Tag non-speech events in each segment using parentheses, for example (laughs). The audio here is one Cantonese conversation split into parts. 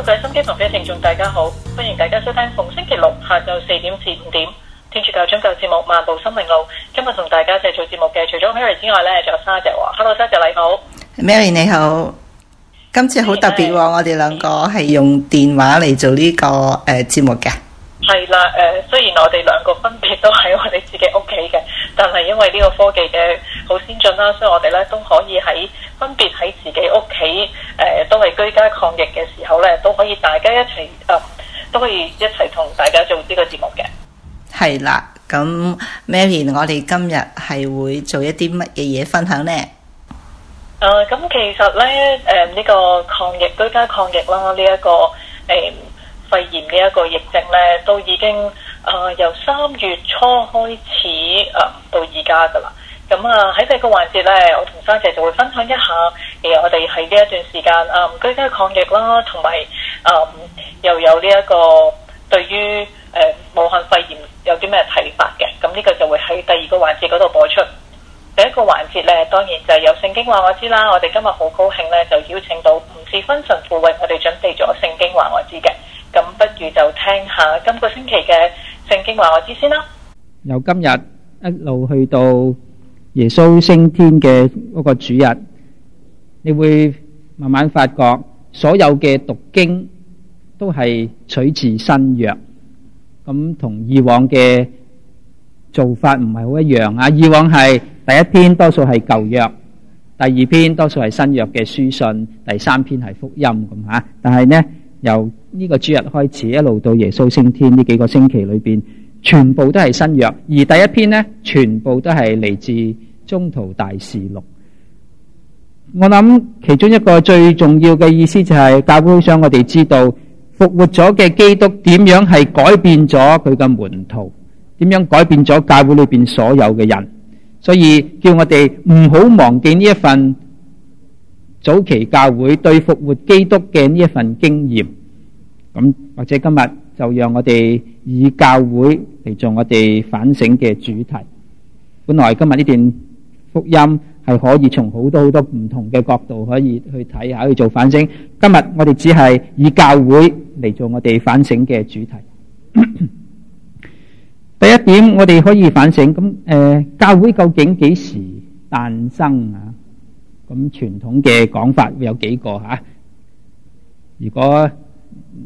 各位心機旁邊嘅聽眾，大家好，歡迎大家收聽逢星期六下晝四點至五點天主教宗教節目《漫步生命路》，今日同大家製作節目嘅，除咗 Mary 之外咧，仲有 Sasha 喎。Hello，Sasha 你好，Mary 你好，今次好特別喎，我哋兩個係用電話嚟做呢個誒節目嘅。係啦，誒、呃，雖然我哋兩個分別都喺我哋自己屋企嘅，但係因為呢個科技嘅好先進啦，所以我哋咧都可以喺分別喺自己屋企，誒、呃，都係居家抗疫嘅時候咧，都可以大家一齊，誒、呃，都可以一齊同大家做呢個節目嘅。係啦，咁 Mary，我哋今日係會做一啲乜嘢分享呢？誒、呃，咁其實咧，誒、呃，呢個抗疫、居家抗疫啦，呢一個誒。呃肺炎呢一個疫症呢，都已經啊、呃、由三月初開始啊、呃、到而家㗎啦。咁啊喺第二個環節呢，我同三姐就會分享一下，其、呃、實我哋喺呢一段時間啊、呃、居家抗疫啦，同埋啊又有呢、這、一個對於誒、呃、武漢肺炎有啲咩睇法嘅。咁、嗯、呢、這個就會喺第二個環節嗰度播出。第一個環節呢，當然就係有《聖經話我知》啦。我哋今日好高興呢，就邀請到吳氏分神父為我哋準備咗《聖經話我知》嘅。咁不如就聽下今個星期嘅聖經話我知先啦。由今日一路去到耶穌升天嘅嗰個主日，你會慢慢發覺所有嘅讀經都係取自新約，咁同以往嘅做法唔係好一樣啊。以往係第一篇多數係舊約，第二篇多數係新約嘅書信，第三篇係福音咁吓。但係呢。由呢個主日開始，一路到耶穌升天呢幾個星期裏邊，全部都係新約。而第一篇呢，全部都係嚟自《宗徒大事錄》。我諗其中一個最重要嘅意思就係：教會好想我哋知道復活咗嘅基督點樣係改變咗佢嘅門徒，點樣改變咗教會裏邊所有嘅人，所以叫我哋唔好忘記呢一份。早期教會對復活基督嘅呢一份經驗,咁或者今日就讓我哋以教會嚟做我哋反省嘅主題。本來今日呢段福音係可以從好多好多唔同嘅角度可以去睇下去做反省,今日我哋只係以教會嚟做我哋反省嘅主題。第一點我哋可以反省,咁教會究竟幾時誕生啊? (coughs) 咁傳統嘅講法會有幾個嚇？如果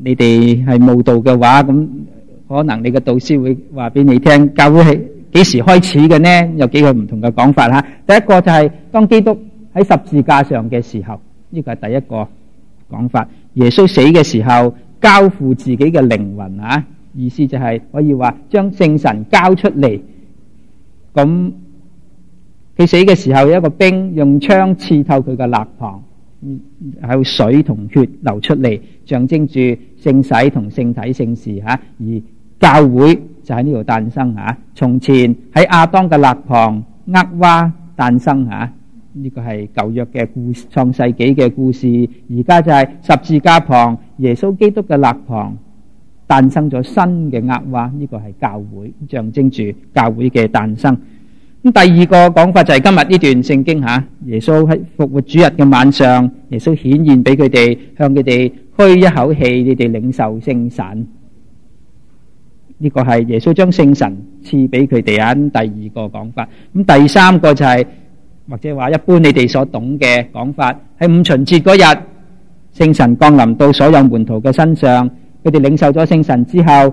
你哋係慕道嘅話，咁可能你嘅導師會話俾你聽，教會係幾時開始嘅呢？有幾個唔同嘅講法嚇。第一個就係當基督喺十字架上嘅時候，呢個係第一個講法。耶穌死嘅時候，交付自己嘅靈魂啊，意思就係可以話將聖神交出嚟。咁佢死嘅時候有一個兵用槍刺透佢嘅肋旁，有水同血流出嚟，象徵住聖洗同聖體聖事嚇。而教會就喺呢度誕生嚇。從前喺亞當嘅肋旁厄娃誕生嚇，呢個係舊約嘅故事創世紀嘅故事。而家就係十字架旁耶穌基督嘅肋旁誕生咗新嘅厄娃，呢個係教會象徵住教會嘅誕生。咁第二個講法就係今日呢段聖經嚇，耶穌喺復活主日嘅晚上，耶穌顯現俾佢哋，向佢哋噓一口氣，你哋領受聖神。呢、這個係耶穌將聖神賜俾佢哋。緊第二個講法，咁第三個就係、是、或者話一般你哋所懂嘅講法，喺五旬節嗰日，聖神降臨到所有門徒嘅身上，佢哋領受咗聖神之後。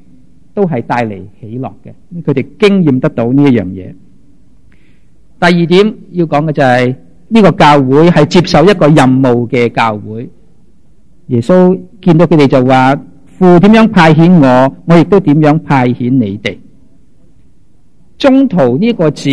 都係帶嚟喜樂嘅，佢哋經驗得到呢一樣嘢。第二點要講嘅就係呢個教會係接受一個任務嘅教會。耶穌見到佢哋就話：父點樣派遣我，我亦都點樣派遣你哋。中途呢個字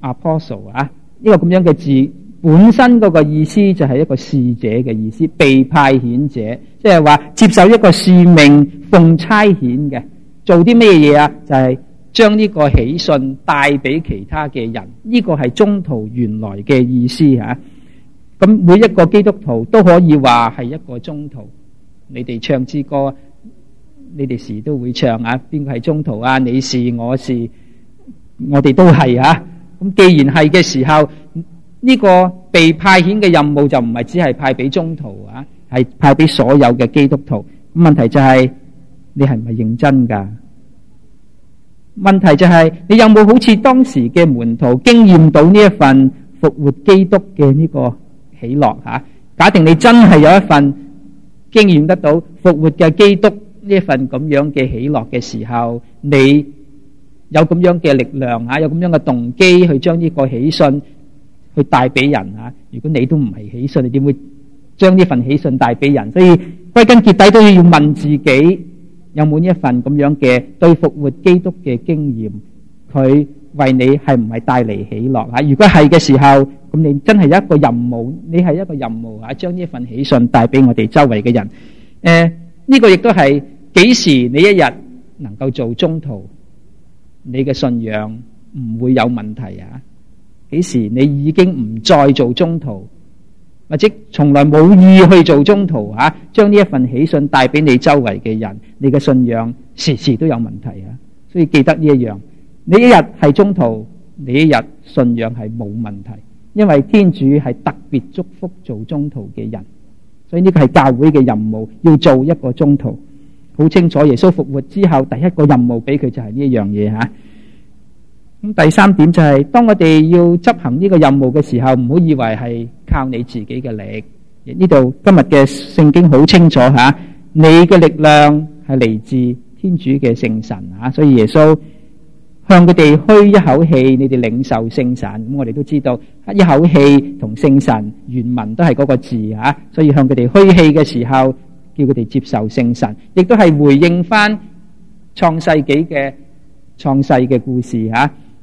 Apostle 啊，呢個咁樣嘅字本身嗰個意思就係一個使者嘅意思，被派遣者，即係話接受一個使命，奉差遣嘅。做啲咩嘢啊？就係將呢個喜訊帶俾其他嘅人，呢個係宗徒原來嘅意思吓。咁每一個基督徒都可以話係一個宗徒。你哋唱支歌，你哋時都會唱啊。邊個係宗徒啊？你是我是，我哋都係啊。咁既然係嘅時候，呢個被派遣嘅任務就唔係只係派俾宗徒啊，係派俾所有嘅基督徒。問題就係。你係咪認真噶？問題就係你有冇好似當時嘅門徒經驗到呢一份復活基督嘅呢個喜樂吓？假定你真係有一份經驗得到復活嘅基督呢一份咁樣嘅喜樂嘅時候，你有咁樣嘅力量吓，有咁樣嘅動機去將呢個喜訊去帶俾人吓。如果你都唔係喜訊，你點會將呢份喜訊帶俾人？所以歸根結底都要問自己。有冇呢一份咁樣嘅對復活基督嘅經驗？佢為你係唔係帶嚟喜樂啊？如果係嘅時候，咁你真係一個任務，你係一個任務啊，將呢份喜訊帶俾我哋周圍嘅人。誒，呢個亦都係幾時你一日能夠做中途，你嘅信仰唔會有問題啊？幾時你已經唔再做中途？或者從來冇意去做中途吓，啊，將呢一份喜訊帶俾你周圍嘅人，你嘅信仰時時都有問題啊。所以記得呢一樣，你一日係中途，你一日信仰係冇問題，因為天主係特別祝福做中途嘅人，所以呢個係教會嘅任務要做一個中途好清楚。耶穌復活之後第一個任務俾佢就係呢一樣嘢吓。啊咁第三點就係、是，當我哋要執行呢個任務嘅時候，唔好以為係靠你自己嘅力。呢度今日嘅聖經好清楚吓，啊，你嘅力量係嚟自天主嘅聖神吓，啊，所以耶穌向佢哋噓一口氣，你哋領受聖神。咁，嗯、我哋都知道一口氣同聖神原文都係嗰個字吓，啊，所以向佢哋噓氣嘅時候，叫佢哋接受聖神，亦都係回應翻創世紀嘅創世嘅故事吓。啊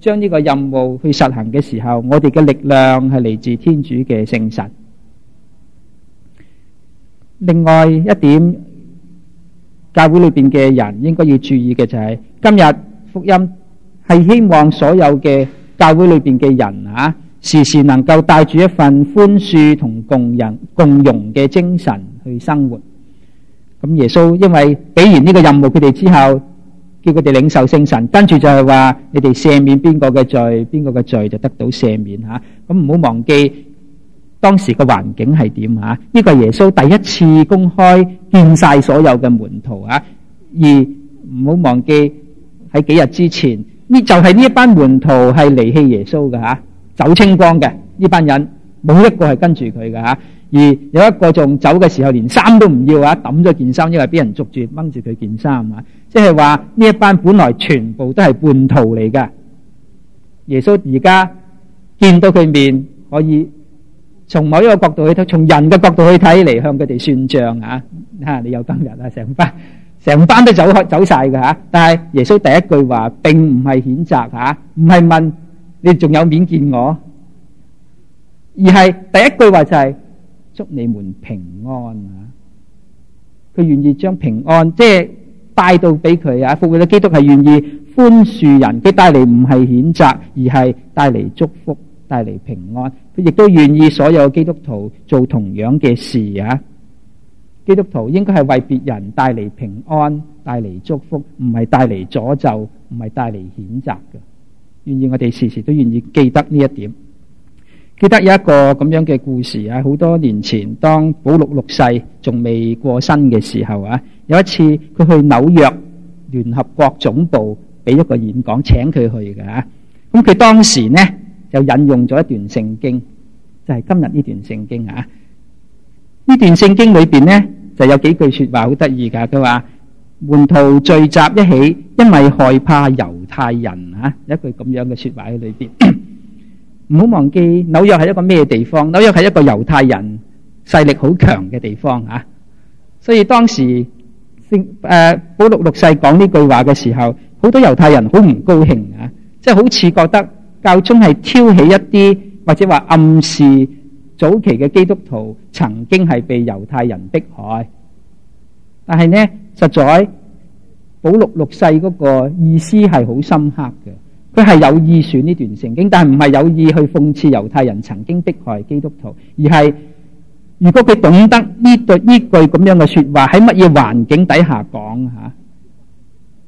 將這個任務去實行的時候，我們的力量是來自天主的聖神。另外一點,教會裏面的人應該要注意的就是,今日福音是希望所有的教會裏面的人,啊,時時能夠帶着一份寬恕和共融的精神去生活。咁耶穌,因為,畀完這個任務他們之後,叫佢哋領受聖神，跟住就係話，你哋赦免邊個嘅罪，邊個嘅罪就得到赦免吓。咁唔好忘記當時嘅環境係點吓。呢個係耶穌第一次公開見晒所有嘅門徒吓，而唔好忘記喺幾日之前呢，就係呢一班門徒係離棄耶穌㗎吓，走清光嘅呢班人，冇一個係跟住佢㗎吓。而有一個仲走嘅時候，連衫都唔要啊！抌咗件衫，因為俾人捉住掹住佢件衫啊！即係話呢一班本來全部都係叛徒嚟㗎。耶穌而家見到佢面，可以從某一個角度去睇，從人嘅角度去睇嚟向佢哋算賬啊！嚇你有今日啊，成班成班都走開走曬㗎嚇。但係耶穌第一句話並唔係譴責嚇，唔係問你仲有面見我，而係第一句話就係。祝你們平安。他願意將平安，即是帶到畀他，復活的基督是願意寬恕人，既帶來不是譴責，而是帶來祝福，帶來平安。他亦都願意所有基督徒做同樣的事，基督徒應該是為別人帶來平安，帶來祝福，不是帶來詛咒，不是帶來譴責。願意我們時時都願意記得這一點。記得有一個咁樣嘅故事啊，好多年前當保祿六世仲未過身嘅時候啊，有一次佢去紐約聯合國總部俾一個演講，請佢去嘅吓。咁佢當時呢就引用咗一段聖經，就係今日呢段聖經啊。呢段聖經裏邊呢就有幾句說話好得意噶，佢話門徒聚集一起，因為害怕猶太人啊，一句咁樣嘅說話喺裏邊。唔好忘記紐約係一個咩地方？紐約係一個猶太人勢力好強嘅地方啊！所以當時聖誒保六六世講呢句話嘅時候，好多猶太人好唔高興啊！即係好似覺得教宗係挑起一啲或者話暗示早期嘅基督徒曾經係被猶太人迫害，但係呢，實在保六六世嗰個意思係好深刻嘅。佢係有意選呢段聖經，但係唔係有意去諷刺猶太人曾經迫害基督徒，而係如果佢懂得呢句呢句咁樣嘅説話喺乜嘢環境底下講吓，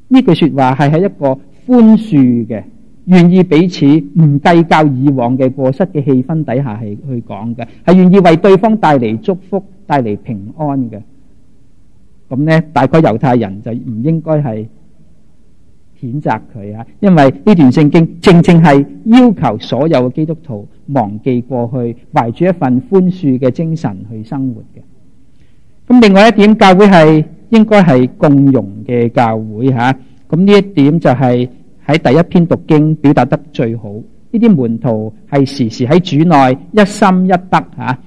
呢句説話係喺一個寬恕嘅、願意彼此唔計較以往嘅過失嘅氣氛底下係去講嘅，係願意為對方帶嚟祝福、帶嚟平安嘅。咁呢，大概猶太人就唔應該係。譴責佢啊！因為呢段聖經正正係要求所有嘅基督徒忘記過去，懷住一份寬恕嘅精神去生活嘅。咁另外一點，教會係應該係共融嘅教會吓。咁呢一點就係喺第一篇讀經表達得最好。呢啲門徒係時時喺主內一心一德吓。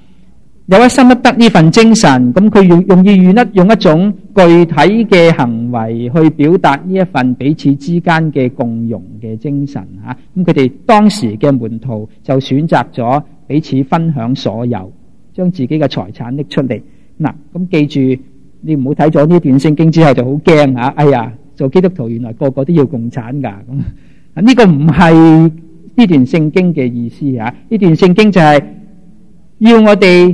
有一心一德呢份精神，咁佢容容易用一用一種具體嘅行為去表達呢一份彼此之間嘅共融嘅精神吓。咁佢哋當時嘅門徒就選擇咗彼此分享所有，將自己嘅財產拎出嚟。嗱，咁記住你唔好睇咗呢段聖經之後就好驚吓。哎呀，做基督徒原來個個都要共產噶咁啊？呢個唔係呢段聖經嘅意思吓。呢段聖經就係要我哋。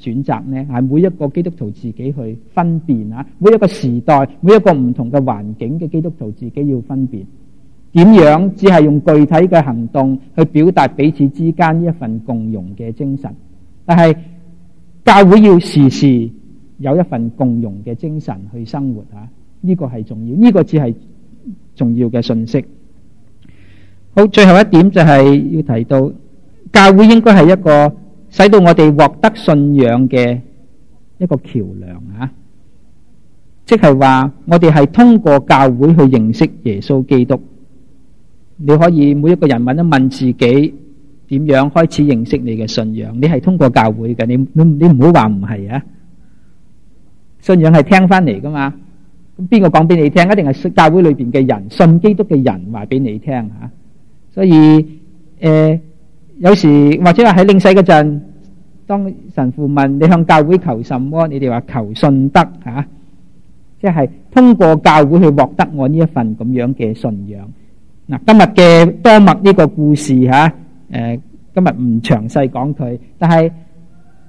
選擇呢係每一個基督徒自己去分辨啊，每一個時代、每一個唔同嘅環境嘅基督徒自己要分辨點樣，只係用具體嘅行動去表達彼此之間呢一份共融嘅精神。但係教會要時時有一份共融嘅精神去生活啊，呢個係重要，呢個只係重要嘅信息。好，最後一點就係要提到教會應該係一個。使到我哋獲得信仰嘅一個橋梁啊！即係話我哋係通過教會去認識耶穌基督。你可以每一個人問一問自己點樣開始認識你嘅信仰？你係通過教會嘅，你你你唔好話唔係啊！信仰係聽翻嚟㗎嘛？咁邊個講俾你聽？一定係教會裏邊嘅人、信基督嘅人話俾你聽吓。所以誒。有時或者話喺領洗嗰陣，當神父問你向教會求什麼，你哋話求信德吓、啊，即係通過教會去獲得我呢一份咁樣嘅信仰。嗱、啊，今日嘅多默呢個故事吓，誒、啊呃，今日唔詳細講佢，但係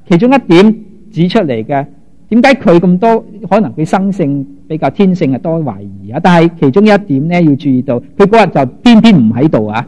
其中一點指出嚟嘅，點解佢咁多？可能佢生性比較天性係多懷疑啊，但係其中一點咧要注意到，佢嗰日就偏偏唔喺度啊。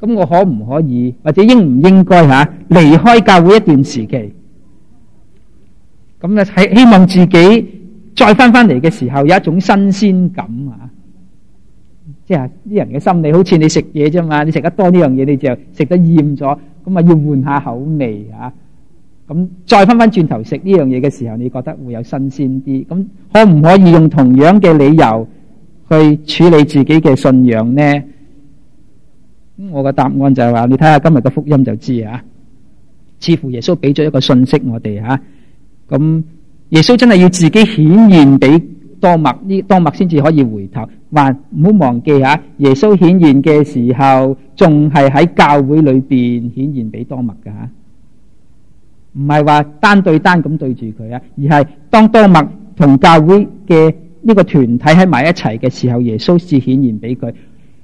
咁我可唔可以，或者應唔應該吓離開教會一段時期？咁咧係希望自己再翻翻嚟嘅時候有一種新鮮感啊！即係啲人嘅心理，好似你食嘢啫嘛，你食得多呢樣嘢，你就食得厭咗，咁啊要換下口味啊！咁再翻翻轉頭食呢樣嘢嘅時候，你覺得會有新鮮啲？咁可唔可以用同樣嘅理由去處理自己嘅信仰呢？咁我嘅答案就係話，你睇下今日嘅福音就知啊。似乎耶穌俾咗一個信息我哋吓，咁耶穌真係要自己顯現俾多默呢，多默先至可以回頭。話唔好忘記吓，耶穌顯現嘅時候仲係喺教會裏邊顯現俾多默嘅吓，唔係話單對單咁對住佢啊，而係當多默同教會嘅呢個團體喺埋一齊嘅時候，耶穌先顯現俾佢。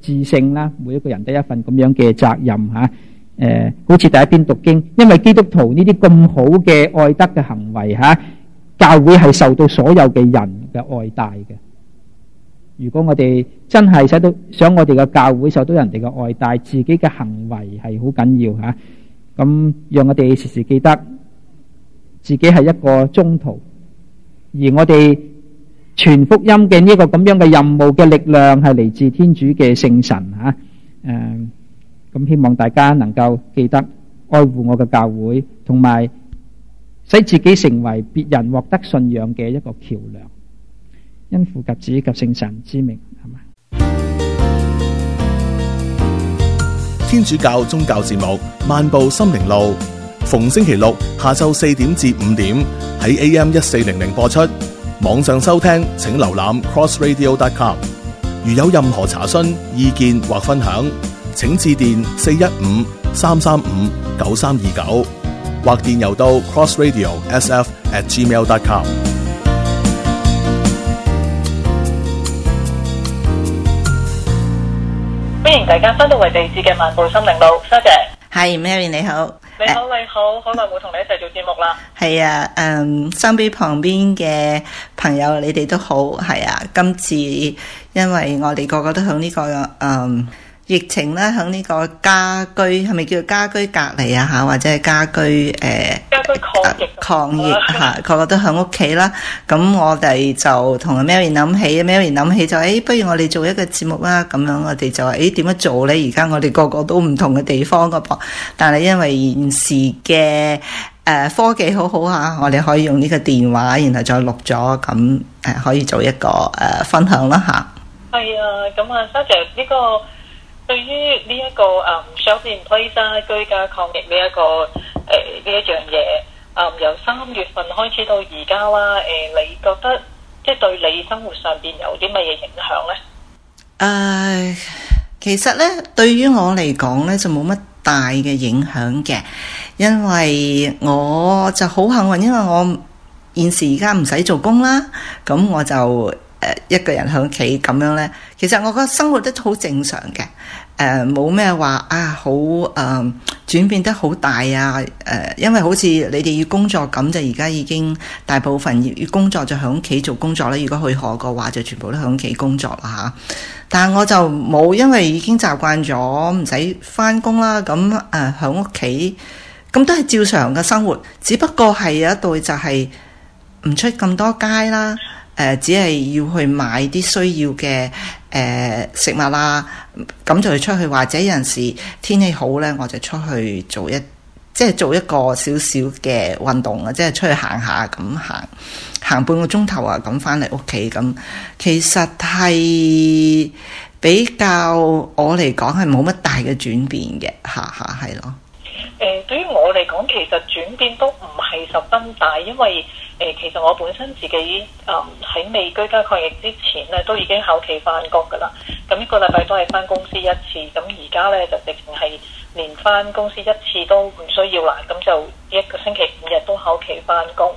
自省啦，每一個人都一份咁樣嘅責任吓。誒，好似第一篇讀經，因為基督徒呢啲咁好嘅愛德嘅行為吓，教會係受到所有嘅人嘅愛戴嘅。如果我哋真係使到想我哋嘅教會受到人哋嘅愛戴，自己嘅行為係好緊要吓。咁讓我哋時時記得自己係一個中途，而我哋。傳福音嘅呢個咁樣嘅任務嘅力量係嚟自天主嘅聖神啊！誒、嗯，咁希望大家能夠記得愛護我嘅教會，同埋使自己成為別人獲得信仰嘅一個橋梁，因父及子及聖神之名。係咪？天主教宗教節目《漫步心靈路》，逢星期六下晝四點至五點喺 AM 一四零零播出。網上收聽，請瀏覽 crossradio.com。如有任何查詢、意見或分享，請致電四一五三三五九三二九，或電郵到 crossradio_sf@gmail.com。Com 歡迎大家翻到維地誌嘅漫步心靈路，多謝，謝。Hi, Mary 你好。啊、你好，你好，好耐冇同你一齊做節目啦。係啊，嗯，身邊旁邊嘅朋友，你哋都好。係啊，今次因為我哋個個都響呢、這個，嗯、um,。疫情咧，喺呢個家居，係咪叫家居隔離啊？嚇，或者係家居誒，家居抗疫抗疫嚇，啊、個個都喺屋企啦。咁 (laughs) 我哋就同 Marry 諗起 (laughs) ，Marry 諗起就誒、哎，不如我哋做一個節目啦。咁樣我哋就誒點樣做咧？而家我哋個個都唔同嘅地方個噃，但係因為現時嘅誒科技好好嚇，我哋可以用呢個電話，然後再錄咗，咁誒可以做一個誒分享啦吓？係啊，咁啊，多謝呢個。對於呢一個誒，唔想變推山居家抗疫呢一個誒，呢一樣嘢，誒，由三月份開始到而家啦，誒，你覺得即係對你生活上邊有啲乜嘢影響咧？誒，其實咧，對於我嚟講咧，就冇乜大嘅影響嘅，因為我就好幸運，因為我現時而家唔使做工啦，咁我就誒一個人喺屋企咁樣咧，其實我覺得生活都好正常嘅。誒，冇咩話啊，好誒，轉、呃、變得好大啊！誒、呃，因為好似你哋要工作咁，就而家已經大部分要要工作就喺屋企做工作啦。如果去學嘅話，就全部都喺屋企工作啦吓、啊。但係我就冇，因為已經習慣咗唔使返工啦。咁誒，喺屋企咁都係照常嘅生活，只不過係有一對就係唔出咁多街啦。誒、呃，只係要去買啲需要嘅。誒、呃、食物啦，咁就出去，或者有陣時天氣好咧，我就出去做一，即係做一個少少嘅運動啊，即係出去行下咁行，行半個鐘頭啊，咁返嚟屋企咁，其實係比較我嚟講係冇乜大嘅轉變嘅，下下係咯。誒、呃、對於我嚟講，其實轉變都唔係十分大，因為誒、呃、其實我本身自己啊喺、呃、未居家抗疫之前咧，都已經考期返工㗎啦。咁一個禮拜都係返公司一次，咁而家咧就直情係連返公司一次都唔需要啦。咁就一個星期五日都考期返工。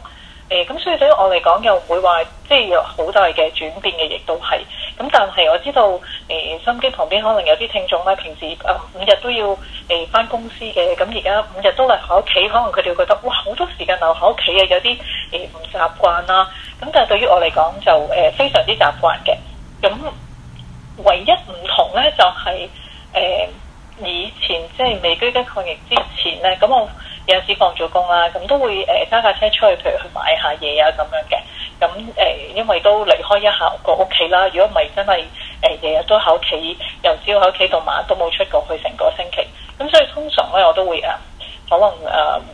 誒咁、呃，所以對於我嚟講又會話，即係有好大嘅轉變嘅，亦都係。咁但係我知道誒、呃，心機旁邊可能有啲聽眾咧，平時誒、呃、五日都要誒返、呃、公司嘅，咁而家五日都嚟喺屋企，可能佢哋會覺得哇好多時間留喺屋企啊，有啲誒唔習慣啦。咁、呃、但係對於我嚟講就誒、呃、非常之習慣嘅。咁唯一唔同咧就係、是、誒、呃、以前即係未居家抗疫之前咧，咁我。有時放咗工啦，咁都會誒揸架車出去，譬如去買下嘢啊咁樣嘅。咁、呃、誒，因為都離開一下個屋企啦。如果唔係真係誒，日、呃、日都喺屋企，由朝喺屋企到晚都冇出過去成個星期。咁所以通常咧，我都會誒、啊，可能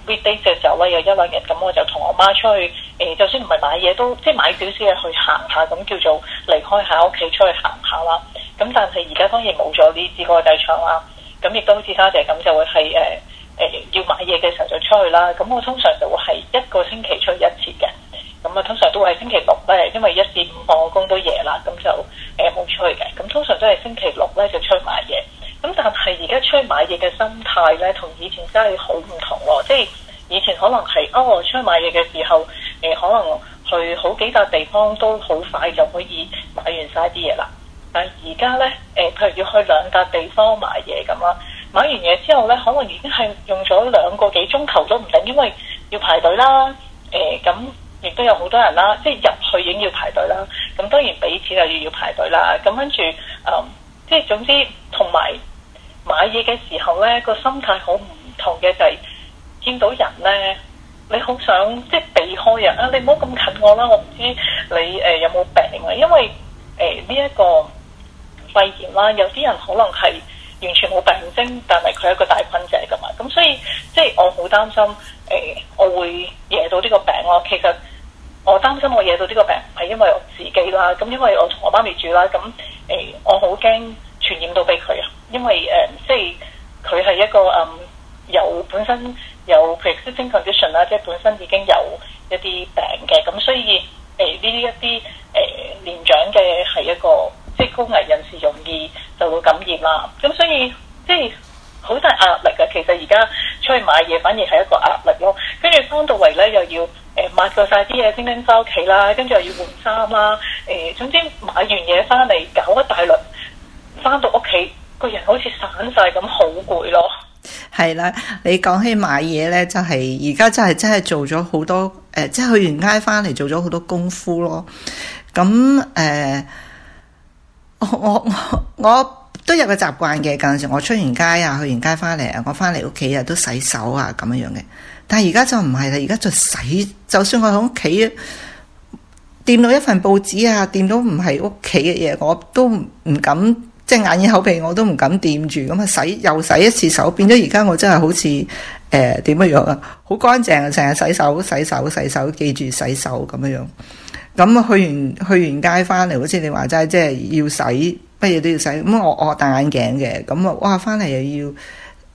weekday 嘅時候咧有一兩日，咁我就同我媽出去誒、呃，就算唔係買嘢都即係買少少嘢去行下，咁叫做離開下屋企出去行下啦。咁但係而家當然冇咗呢支國際場啦。咁亦都好似沙姐咁，就會係誒。呃誒要買嘢嘅時候就出去啦，咁我通常就會係一個星期出去一次嘅，咁啊通常都係星期六咧，因為一至五我工都夜啦，咁就誒冇出去嘅，咁通常都係星期六咧就出去買嘢，咁但係而家出去買嘢嘅心態咧，同以前真係好唔同喎，即係以前可能係哦出去買嘢嘅時候誒、呃，可能去好幾笪地方都好快就可以買完晒啲嘢啦，但係而家咧誒，譬如要去兩笪地方買嘢咁啦。買完嘢之後呢，可能已經係用咗兩個幾鐘頭都唔定，因為要排隊啦。誒、呃，咁亦都有好多人啦，即係入去已經要排隊啦。咁當然俾錢就要要排隊啦。咁跟住，誒、嗯，即係總之，同埋買嘢嘅時候呢，個心態好唔同嘅就係、是、見到人呢，你好想即係避開人啊！你唔好咁近我啦，我唔知你誒、呃、有冇病啊，因為誒呢一個肺炎啦，有啲人可能係。完全冇病徵，但係佢係一個大菌者噶嘛，咁所以即係我好擔心，誒、呃，我會惹到呢個病咯。其實我擔心我惹到呢個病，係因為我自己啦，咁因為我同我媽咪住啦，咁誒、呃，我好驚傳染到俾佢啊，因為誒、呃，即係佢係一個嗯有、呃、本身有 pre-existing condition 啦，即係本身已經有一啲病嘅，咁所以。買嘢反而係一個壓力咯，跟住翻到嚟咧又要誒、呃、抹過晒啲嘢，先拎翻屋企啦，跟住又要換衫啦，誒、呃、總之買完嘢翻嚟搞一大輪，翻到屋企個人好似散晒咁，好攰咯。係啦，你講起買嘢咧，就係而家真係真係做咗好多誒，即、呃、係去完街翻嚟做咗好多功夫咯。咁誒、呃，我我我我。我我我都有個習慣嘅，嗰陣時我出完街啊，去完街翻嚟啊，我翻嚟屋企啊都洗手啊咁樣樣嘅。但係而家就唔係啦，而家就洗。就算我喺屋企掂到一份報紙啊，掂到唔係屋企嘅嘢，我都唔敢，即係眼耳口鼻我都唔敢掂住。咁啊洗又洗一次手，變咗而家我真係好似誒點乜樣啊？好乾淨啊！成日洗手洗手洗手，洗手，記住洗手咁樣樣。咁去完去完街翻嚟，好似你話齋，即係要洗。乜嘢都要洗，咁我我戴眼鏡嘅，咁啊哇翻嚟又要誒、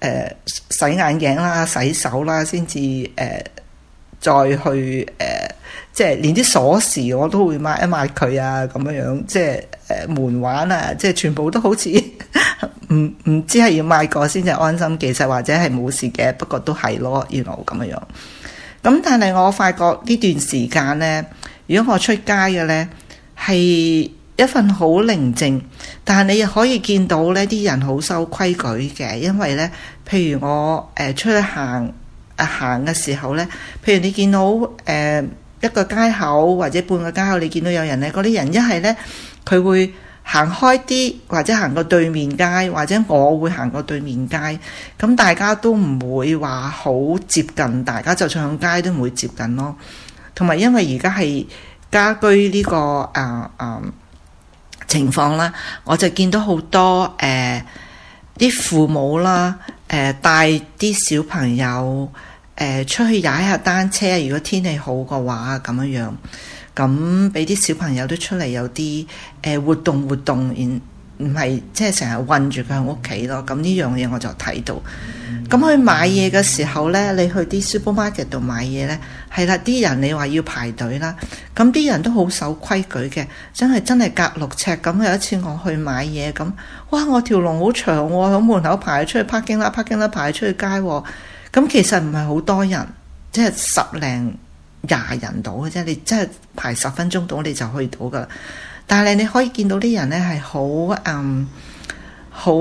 呃、洗眼鏡啦、洗手啦，先至誒再去誒、呃，即係連啲鎖匙我都會抹一抹佢啊，咁樣樣即係誒、呃、門環啊，即係全部都好似唔唔知係要抹過先至安心，其實或者係冇事嘅，不過都係咯，原來咁樣樣。咁但係我發覺呢段時間咧，如果我出街嘅咧係。一份好寧靜，但係你又可以見到呢啲人好守規矩嘅。因為呢，譬如我誒、呃、出去行行嘅時候呢，譬如你見到誒、呃、一個街口或者半個街口，你見到有人呢，嗰啲人一係呢，佢會行開啲，或者行過對面街，或者我會行過對面街，咁大家都唔會話好接近，大家就上街都唔會接近咯。同埋因為而家係家居呢、這個誒誒。啊啊情況啦，我就見到好多誒啲、呃、父母啦，誒帶啲小朋友誒、呃、出去踩下單車，如果天氣好嘅話咁樣，咁畀啲小朋友都出嚟有啲誒、呃、活動活動，唔係即係成日韞住佢喺屋企咯，咁呢樣嘢我就睇到。咁、嗯、去買嘢嘅時候呢，你去啲 supermarket 度買嘢呢，係啦，啲人你話要排隊啦，咁啲人都好守規矩嘅，真係真係隔六尺咁。有一次我去買嘢咁，哇，我條龍好長喎、哦，喺門口排出去，拍驚啦拍驚啦排出去街、哦。咁其實唔係好多人，即係十零廿人度嘅啫。你真係排十分鐘度，你就去到噶。但係你可以見到啲人咧，係好嗯好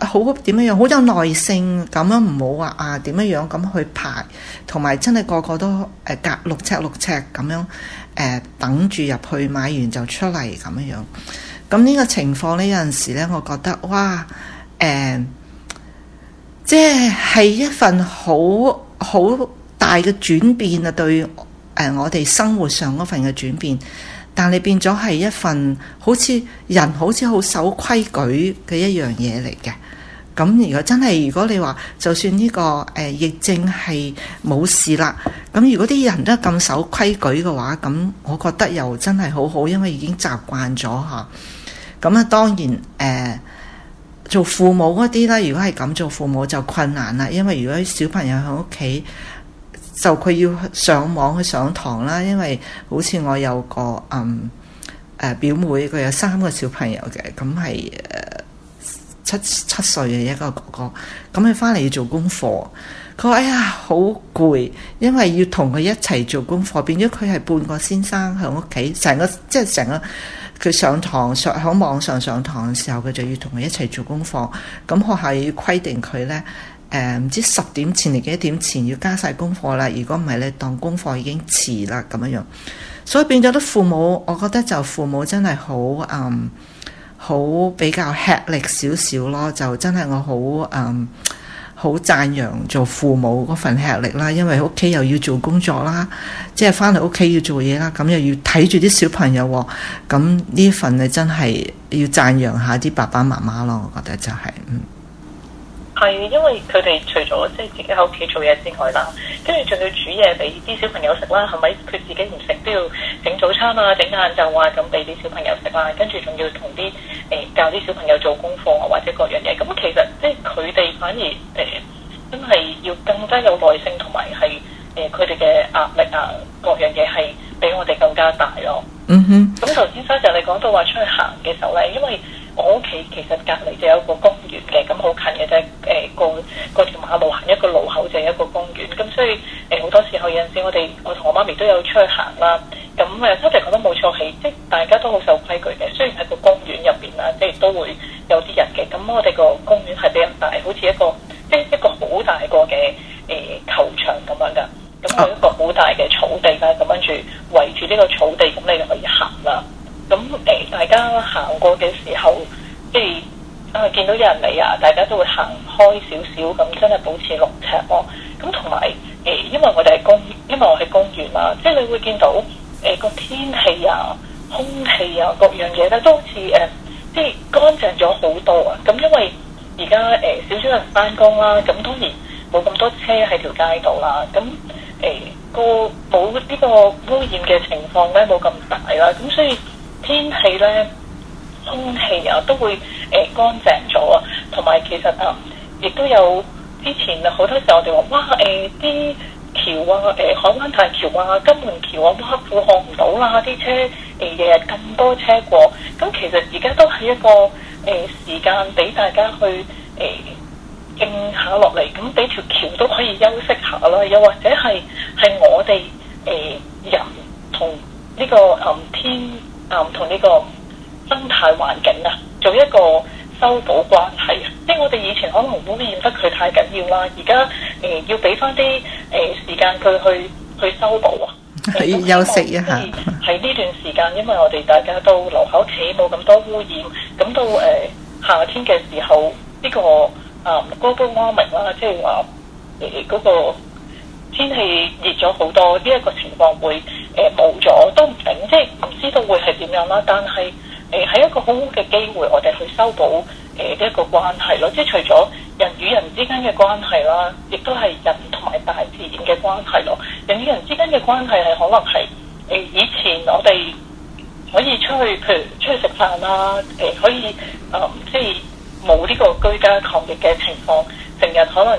好點樣樣好有耐性咁樣，唔好話啊點樣樣咁去排，同埋真係個個都誒隔、呃、六尺六尺咁樣誒、呃、等住入去買完就出嚟咁樣樣。咁呢個情況咧有陣時咧，我覺得哇誒、呃，即係係一份好好大嘅轉變啊！對誒、呃、我哋生活上嗰份嘅轉變。但你變咗係一份好似人好似好守規矩嘅一樣嘢嚟嘅，咁如果真係如果你話就算呢、這個誒、呃、疫症係冇事啦，咁如果啲人都係咁守規矩嘅話，咁我覺得又真係好好，因為已經習慣咗吓。咁啊，當然誒、呃，做父母嗰啲咧，如果係咁做父母就困難啦，因為如果小朋友喺屋企。就佢要上網去上堂啦，因為好似我有個嗯誒、呃、表妹，佢有三個小朋友嘅，咁係誒七七歲嘅一個哥哥，咁佢翻嚟要做功課，佢話：哎呀，好攰，因為要同佢一齊做功課，變咗佢係半個先生喺屋企，成個即係成個佢上堂上喺網上上堂嘅時候，佢就要同佢一齊做功課，咁學校要規定佢咧。誒唔、嗯、知十點前定幾點前要加晒功課啦，如果唔係咧，當功課已經遲啦咁樣樣，所以變咗啲父母，我覺得就父母真係好嗯，好比較吃力少少咯，就真係我好嗯，好讚揚做父母嗰份吃力啦，因為屋企又要做工作啦，即係翻嚟屋企要做嘢啦，咁又要睇住啲小朋友喎，咁呢份你真係要讚揚下啲爸爸媽媽咯，我覺得就係、是、嗯。係，因為佢哋除咗即係自己喺屋企做嘢之外啦，跟住仲要煮嘢俾啲小朋友食啦，係咪？佢自己唔食都要整早餐啊、整晏晝啊，咁俾啲小朋友食啊，跟住仲要同啲誒教啲小朋友做功課啊，或者各樣嘢。咁其實即係佢哋反而誒、呃，真係要更加有耐性同埋係誒，佢哋嘅壓力啊，各樣嘢係比我哋更加大咯。嗯哼、mm，咁頭先嗰就你講到話出去行嘅時候咧，因為我屋企其實隔離就有個公園嘅，咁、嗯、好近嘅啫。誒、呃，過過條馬路行一個路口就係一個公園。咁、嗯、所以誒，好、呃、多時候有陣時我，我哋我同我媽咪都有出去行啦。咁、嗯、啊，周姐講得冇錯，係即係大家都好守規矩嘅。雖然喺個公園入邊啦，即係都會有啲人嘅。咁、嗯、我哋個公園係比較大，好似一個即係一個好大個嘅誒球場咁樣㗎。咁、嗯、佢、嗯嗯嗯、一個好大嘅草地啦。咁跟住圍住呢個草地，咁你就可以行啦。大家行過嘅時候，即、哎、係啊見到有人嚟啊，大家都會行開少少咁，真係保持六尺咯。咁同埋誒，因為我哋係公，因為我係公，公園啦，即係你會見到誒、哎、個天氣啊、空氣啊各樣嘢咧，都好似誒即係乾淨咗好多啊。咁因為而家誒少少人返工啦，咁、啊、當然冇咁多車喺條街度啦。咁、啊、誒、哎、個保呢、這個污染嘅情況咧冇咁大啦。咁、啊、所以。天氣咧，空氣啊都會誒、呃、乾淨咗啊，同埋其實啊，亦都有之前啊，好多時候我哋話哇誒啲、呃、橋啊，誒、呃、海灣大橋啊、金門橋啊，哇，負荷唔到啦，啲車誒日日咁多車過。咁其實而家都係一個誒、呃、時間俾大家去誒、呃、靜下落嚟，咁俾條橋都可以休息下啦。又或者係係我哋誒、呃、人同呢個藍天。啊，同呢個生態環境啊，做一個修補關係啊，即係我哋以前可能污染得佢太緊要啦、啊，而家誒要俾翻啲誒時間佢去去，去修補啊，嗯、休息一下。喺呢、就是、段時間，因為我哋大家都留喺屋企，冇咁多污染，咁到誒、呃、夏天嘅時候，呢、這個啊哥、呃、高，高安明啦、啊，即係話誒嗰個。天氣熱咗好多，呢、這、一個情況會誒冇咗，都唔定，即係唔知道會係點樣啦。但係誒係一個好好嘅機會，我哋去修補誒呢一個關係咯。即係除咗人與人之間嘅關係啦，亦都係人同埋大自然嘅關係咯。人與人之間嘅關係係可能係誒、呃、以前我哋可以出去，譬如出去食飯啦，誒、呃、可以誒、呃、即係冇呢個居家抗疫嘅情況，成日可能。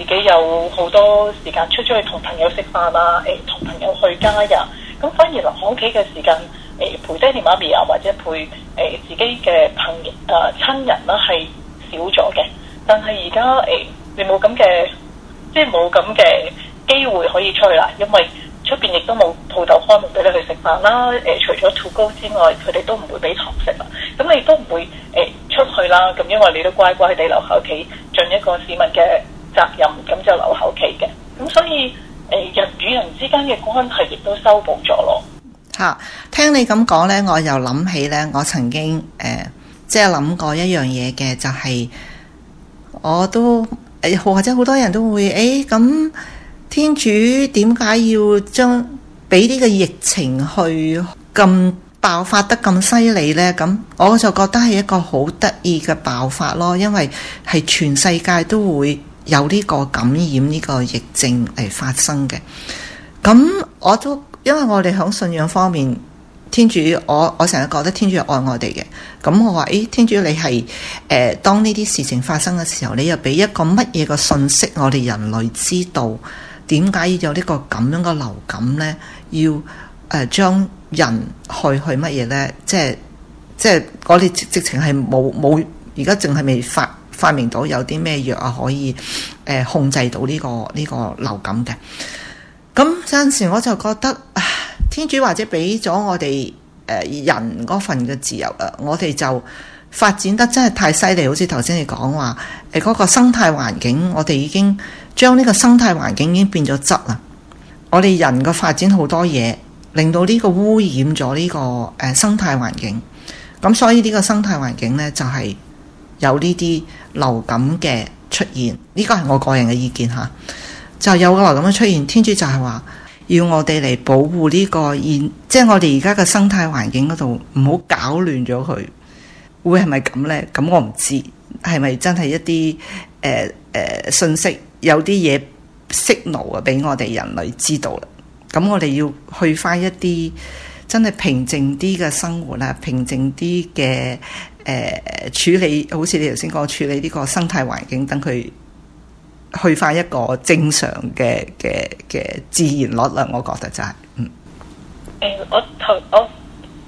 自己有好多時間出出去同朋友食飯啊，誒、呃、同朋友去街，咁反而留喺屋企嘅時間，誒、呃、陪爹哋媽咪啊，或者陪誒、呃、自己嘅朋啊親人啦，係少咗嘅。但係而家誒你冇咁嘅，即係冇咁嘅機會可以出去啦，因為出邊亦都冇鋪頭開門俾你去食飯啦。誒、呃、除咗 to go 之外，佢哋都唔會俾堂食啦。咁你都唔會誒、呃、出去啦。咁因為你都乖乖地留喺屋企，盡一個市民嘅責任咁就留口期嘅，咁所以誒人與人之間嘅關係亦都修補咗咯。吓，聽你咁講呢，我又諗起呢。我曾經誒即係諗過一樣嘢嘅，就係、是、我都誒，或者好多人都會誒咁、欸、天主點解要將俾呢個疫情去咁爆發得咁犀利呢？」咁我就覺得係一個好得意嘅爆發咯，因為係全世界都會。有呢個感染呢個疫症嚟發生嘅，咁我都因為我哋響信仰方面，天主我我成日覺得天主愛我哋嘅，咁我話，誒、哎，天主你係誒、呃，當呢啲事情發生嘅時候，你又俾一個乜嘢嘅信息我哋人類知道，點解要有呢個咁樣嘅流感呢？要誒將、呃、人去去乜嘢呢？即係即係我哋直直情係冇冇，而家淨係未發。發明到有啲咩藥啊，可以誒控制到呢個呢個流感嘅。咁有陣時我就覺得，天主或者俾咗我哋誒人嗰份嘅自由啊，我哋就發展得真係太犀利。好似頭先你講話誒，嗰個生態環境，我哋已經將呢個生態環境已經變咗質啦。我哋人嘅發展好多嘢，令到呢個污染咗呢個誒生態環境。咁所以呢個生態環境呢，就係。有呢啲流感嘅出現，呢個係我個人嘅意見嚇。就有個流感嘅出現，天主就係話要我哋嚟保護呢個現，即係我哋而家嘅生態環境嗰度，唔好搞亂咗佢。會係咪咁呢？咁我唔知係咪真係一啲誒誒信息有啲嘢 signal 啊，俾我哋人類知道啦。咁我哋要去返一啲真係平靜啲嘅生活啦，平靜啲嘅。誒、呃、處理好似你頭先講處理呢個生態環境，等佢去返一個正常嘅嘅嘅自然率啦，我覺得就係、是、嗯。誒、欸，我頭我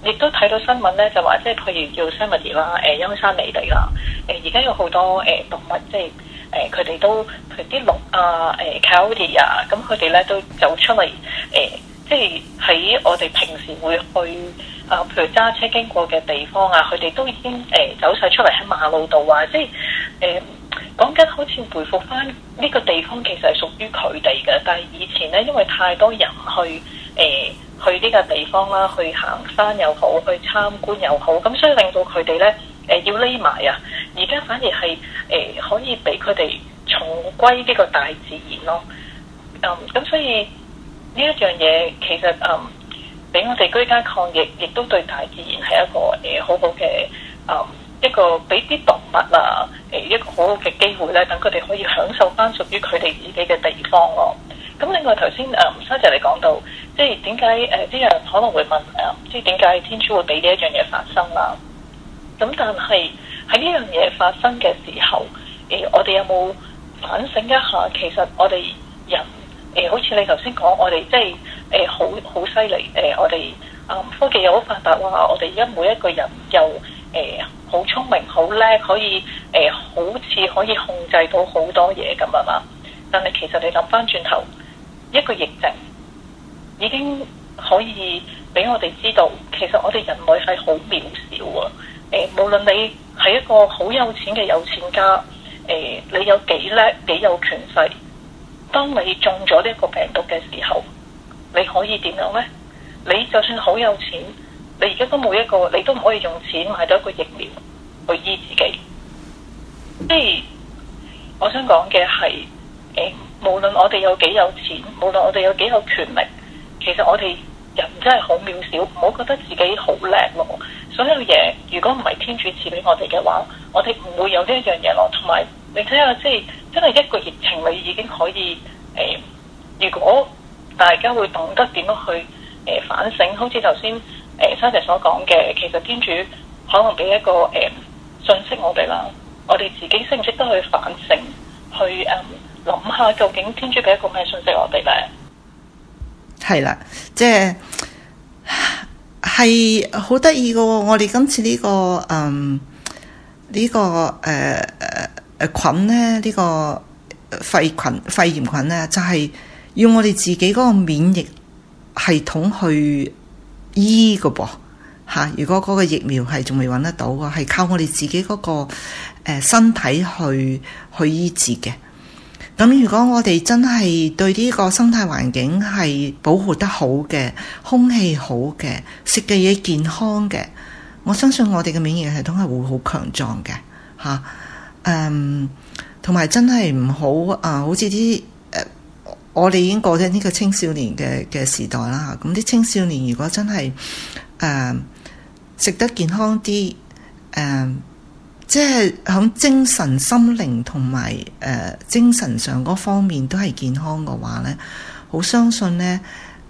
亦都睇到新聞咧，就話即係譬如叫 Yosemite 啦、誒、呃、優山美地啦，誒而家有好多誒、呃、動物，即係誒佢哋都譬如啲鹿啊、誒 cow deer 啊，咁佢哋咧都走出嚟，誒、呃、即係喺我哋平時會去。譬如揸車經過嘅地方啊，佢哋都已經誒、呃、走晒出嚟喺馬路度啊！即係誒、呃、講緊，好似回復返呢個地方其實係屬於佢哋嘅，但係以前呢，因為太多人去誒、呃、去呢個地方啦，去行山又好，去參觀又好，咁所以令到佢哋呢誒、呃、要匿埋啊！而家反而係誒、呃、可以俾佢哋重歸呢個大自然咯。嗯、呃，咁所以呢一樣嘢其實嗯。呃俾我哋居家抗疫，亦都對大自然係一個誒好好嘅啊一個俾啲動物啊誒一個好好嘅機會咧，等佢哋可以享受翻屬於佢哋自己嘅地方咯。咁另外頭先誒吳小姐你講到，即係點解誒啲人可能會問誒，點解天主會俾呢一樣嘢發生啦？咁但係喺呢樣嘢發生嘅時候，誒、呃、我哋有冇反省一下？其實我哋人誒、呃，好似你頭先講，我哋即係。誒、欸、好好犀利！誒、欸、我哋啊、嗯、科技又好發達哇！我哋而家每一個人又誒好聰明好叻，可以誒、欸、好似可以控制到好多嘢咁啊嘛！但係其實你諗翻轉頭，一個疫症已經可以俾我哋知道，其實我哋人類係好渺小啊！誒、欸、無論你係一個好有錢嘅有錢家，誒、欸、你有幾叻幾有權勢，當你中咗呢一個病毒嘅時候。你可以點樣呢？你就算好有錢，你而家都冇一個，你都唔可以用錢買到一個疫苗去醫自己。即係我想講嘅係誒，無論我哋有幾有錢，無論我哋有幾有權力，其實我哋人真係好渺小，唔好覺得自己好叻咯。所有嘢如果唔係天主賜俾我哋嘅話，我哋唔會有呢一樣嘢咯。同埋你睇下，即係真係一個疫情，你已經可以誒、哎，如果。大家會懂得點樣去誒、呃、反省，好似頭先誒沙姐所講嘅，其實天主可能俾一個誒、呃、信息我哋啦，我哋自己識唔識得去反省，去誒諗、呃、下究竟天主俾一個咩信息我哋咧？係啦，即係係好得意嘅喎！我哋今次、呢個嗯呢個呃、菌呢、呢個嗯呢個誒誒菌咧，呢個肺炎菌肺炎菌咧就係、是。要我哋自己嗰個免疫系統去醫嘅噃，嚇！如果嗰個疫苗係仲未搵得到嘅，係靠我哋自己嗰個誒身體去去醫治嘅。咁如果我哋真係對呢個生態環境係保護得好嘅，空氣好嘅，食嘅嘢健康嘅，我相信我哋嘅免疫系統係會好強壯嘅，嚇、嗯！誒，同埋真係唔好啊，好似啲。我哋已經過咗呢個青少年嘅嘅時代啦，咁啲青少年如果真係誒、呃、食得健康啲，誒、呃、即係喺精神、心靈同埋誒精神上嗰方面都係健康嘅話咧，好相信咧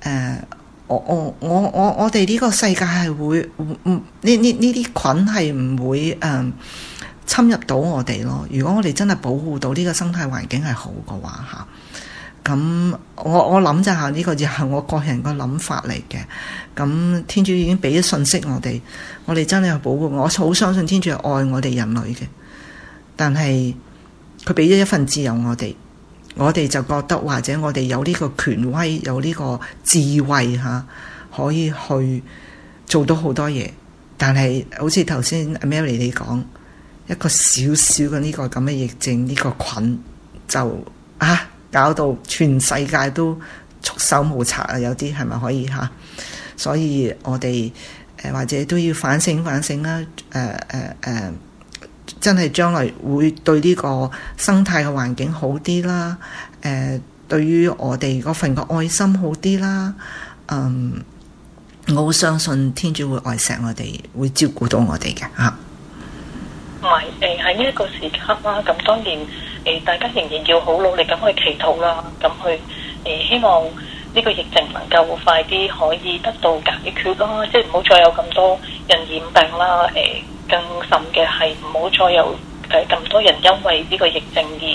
誒、呃、我我我我我哋呢個世界係會唔呢呢呢啲菌係唔會誒、呃、侵入到我哋咯。如果我哋真係保護到呢個生態環境係好嘅話嚇。咁我我諗、這個、就下呢個又係我個人個諗法嚟嘅。咁天主已經俾咗信息我哋，我哋真係保護。我好相信天主係愛我哋人類嘅，但係佢俾咗一份自由我哋，我哋就覺得或者我哋有呢個權威，有呢個智慧吓、啊，可以去做到好多嘢。但係好似頭先阿 Mary 你講一個小小嘅呢、這個咁嘅疫症，呢、這個菌就啊～搞到全世界都束手無策啊！有啲係咪可以嚇、啊？所以我哋誒、啊、或者都要反省反省啦。誒誒誒，真係將來會對呢個生態嘅環境好啲啦。誒、啊，對於我哋嗰份嘅愛心好啲啦。嗯、啊，我好相信天主會愛錫我哋，會照顧到我哋嘅嚇。唔係誒，喺呢一個時刻啦、啊，咁當然。誒，大家仍然要好努力咁去祈禱啦，咁去誒希望呢個疫症能夠快啲可以得到解決啦，即係唔好再有咁多人染病啦，誒更甚嘅係唔好再有誒咁多人因為呢個疫症而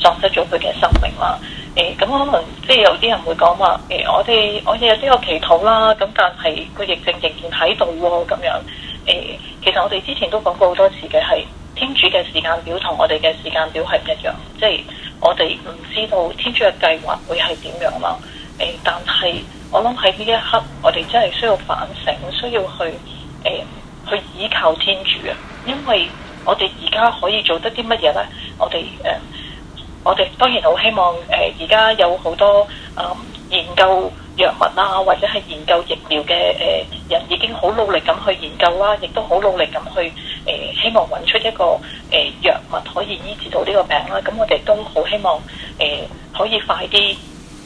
喪失咗佢嘅生命啦。誒，咁可能即係有啲人會講話誒，我哋我亦都有個祈禱啦，咁但係個疫症仍然喺度喎咁樣。誒，其實我哋之前都講過好多次嘅係。天主嘅時間表同我哋嘅時間表係唔一樣，即係我哋唔知道天主嘅計劃會係點樣啦。誒，但係我諗喺呢一刻，我哋真係需要反省，需要去誒去倚靠天主啊！因為我哋而家可以做得啲乜嘢咧？我哋誒，我哋當然好希望誒，而家有好多啊研究，藥物啊，或者係研究疫苗嘅誒、呃、人已經好努力咁去研究啦，亦都好努力咁去誒、呃，希望揾出一個誒、呃、藥物可以醫治到呢個病啦。咁、嗯、我哋都好希望誒、呃、可以快啲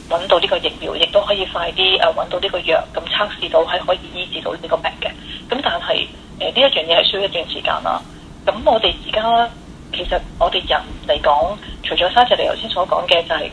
揾到呢個疫苗，亦都可以快啲啊揾到呢個藥，咁測試到係可以醫治到呢個病嘅。咁、嗯、但係誒呢一樣嘢係需要一段時間啦。咁、嗯、我哋而家其實我哋人嚟講，除咗沙姐你頭先所講嘅就係、是。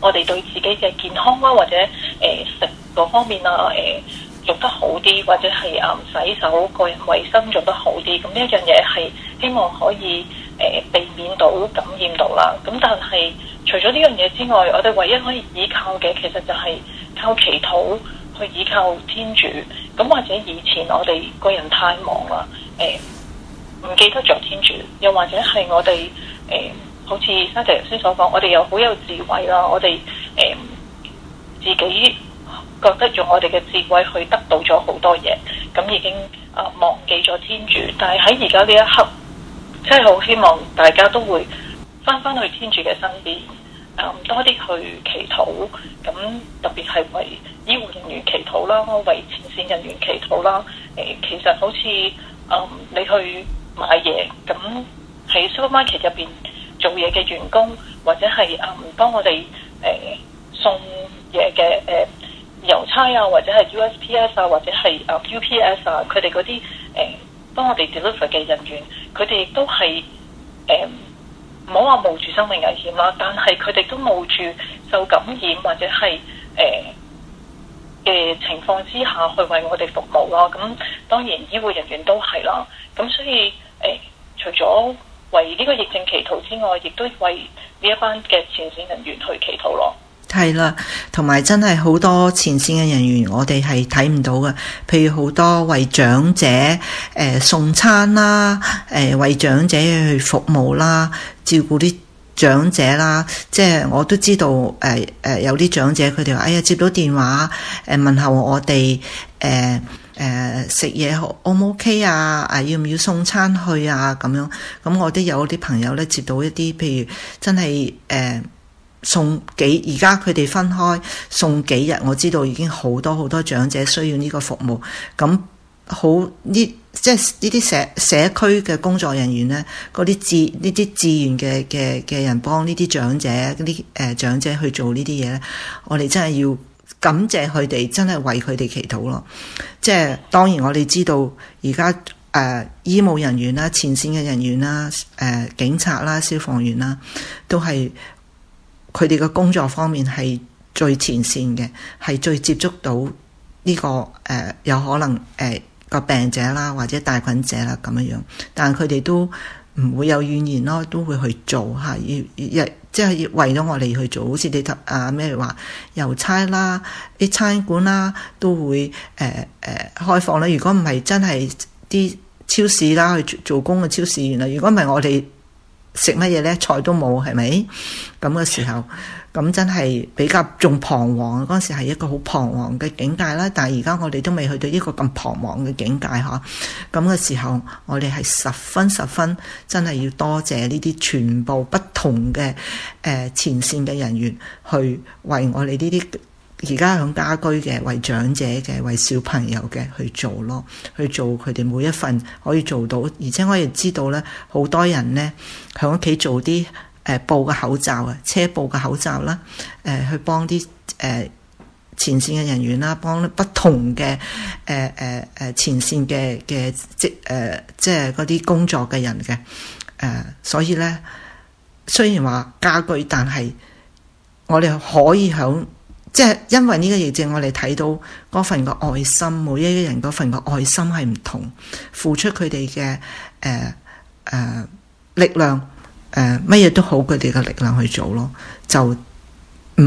我哋對自己嘅健康啊，或者誒、呃、食嗰方面啊，誒、呃、做得好啲，或者係啊洗手個人衞生做得好啲，咁呢一樣嘢係希望可以誒、呃、避免到感染到啦。咁但係除咗呢樣嘢之外，我哋唯一可以依靠嘅其實就係靠祈禱去依靠天主。咁或者以前我哋個人太忙啦，誒、呃、唔記得咗天主，又或者係我哋誒、呃好似沙姐頭先所講，我哋又好有智慧啦，我哋誒、呃、自己覺得用我哋嘅智慧去得到咗好多嘢，咁已經啊、呃、忘記咗天主。但係喺而家呢一刻，真係好希望大家都會翻返去天主嘅身邊啊，多啲去祈禱咁、呃、特別係為醫護人員祈禱啦，為前線人員祈禱啦。誒、呃、其實好似啊、呃，你去買嘢咁喺 supermarket 入邊。呃做嘢嘅員工或者係誒幫我哋誒送嘢嘅誒郵差啊，或者係 U.S.P.S 啊，或者係誒 U.P.S 啊，佢哋嗰啲誒幫我哋 deliver 嘅人員，佢哋都係唔好話冒住生命危險啦，但係佢哋都冒住受感染或者係誒嘅情況之下去為我哋服務囉。咁、啊、當然醫護人員都係啦。咁、啊、所以誒、呃，除咗為呢個疫症祈禱之外，亦都為呢一班嘅前線人員去祈禱咯。係啦，同埋真係好多前線嘅人員，我哋係睇唔到嘅。譬如好多為長者誒、呃、送餐啦，誒、呃、為長者去服務啦，照顧啲長者啦。即係我都知道，誒、呃、誒有啲長者佢哋話：哎呀，接到電話，誒、呃、問候我哋，誒、呃。誒食嘢 OK 唔 OK 啊？啊要唔要送餐去啊？咁樣咁我都有啲朋友咧，接到一啲譬如真係誒、呃、送幾，而家佢哋分開送幾日。我知道已經好多好多長者需要呢個服務。咁好呢，即係呢啲社社區嘅工作人員咧，嗰啲志呢啲志願嘅嘅嘅人幫呢啲長者嗰啲誒長者去做呢啲嘢咧，我哋真係要。感謝佢哋，真係為佢哋祈禱咯。即係當然，我哋知道而家誒醫務人員啦、前線嘅人員啦、誒、呃、警察啦、消防員啦，都係佢哋嘅工作方面係最前線嘅，係最接觸到呢個誒、呃、有可能誒、呃、個病者啦，或者帶菌者啦咁樣樣。但係佢哋都唔會有怨言咯，都會去做嚇，要即係要，要，要，要，要，要，要為咗我哋去做，好似你頭啊咩話郵差啦啲、啊、餐館啦都會誒誒、呃呃、開放啦。如果唔係真係啲超市啦去做工嘅超市員啦，如果唔係我哋。食乜嘢咧？菜都冇，係咪？咁嘅時候，咁真係比較仲彷徨。嗰時係一個好彷徨嘅境界啦。但係而家我哋都未去到呢個咁彷徨嘅境界呵。咁嘅時候，我哋係十分十分真係要多謝呢啲全部不同嘅誒、呃、前線嘅人員去為我哋呢啲。而家喺家居嘅，為長者嘅，為小朋友嘅去做咯，去做佢哋每一份可以做到。而且我亦知道咧，好多人咧喺屋企做啲誒布嘅口罩啊，車布嘅口罩啦，誒去幫啲誒前線嘅人員啦，幫不同嘅誒誒誒前線嘅嘅即誒即係啲工作嘅人嘅誒。所以咧，雖然話家居，但係我哋可以喺。即係因為呢個疫症，我哋睇到嗰份嘅愛心，每一個人嗰份嘅愛心係唔同，付出佢哋嘅誒誒力量，誒乜嘢都好，佢哋嘅力量去做咯，就唔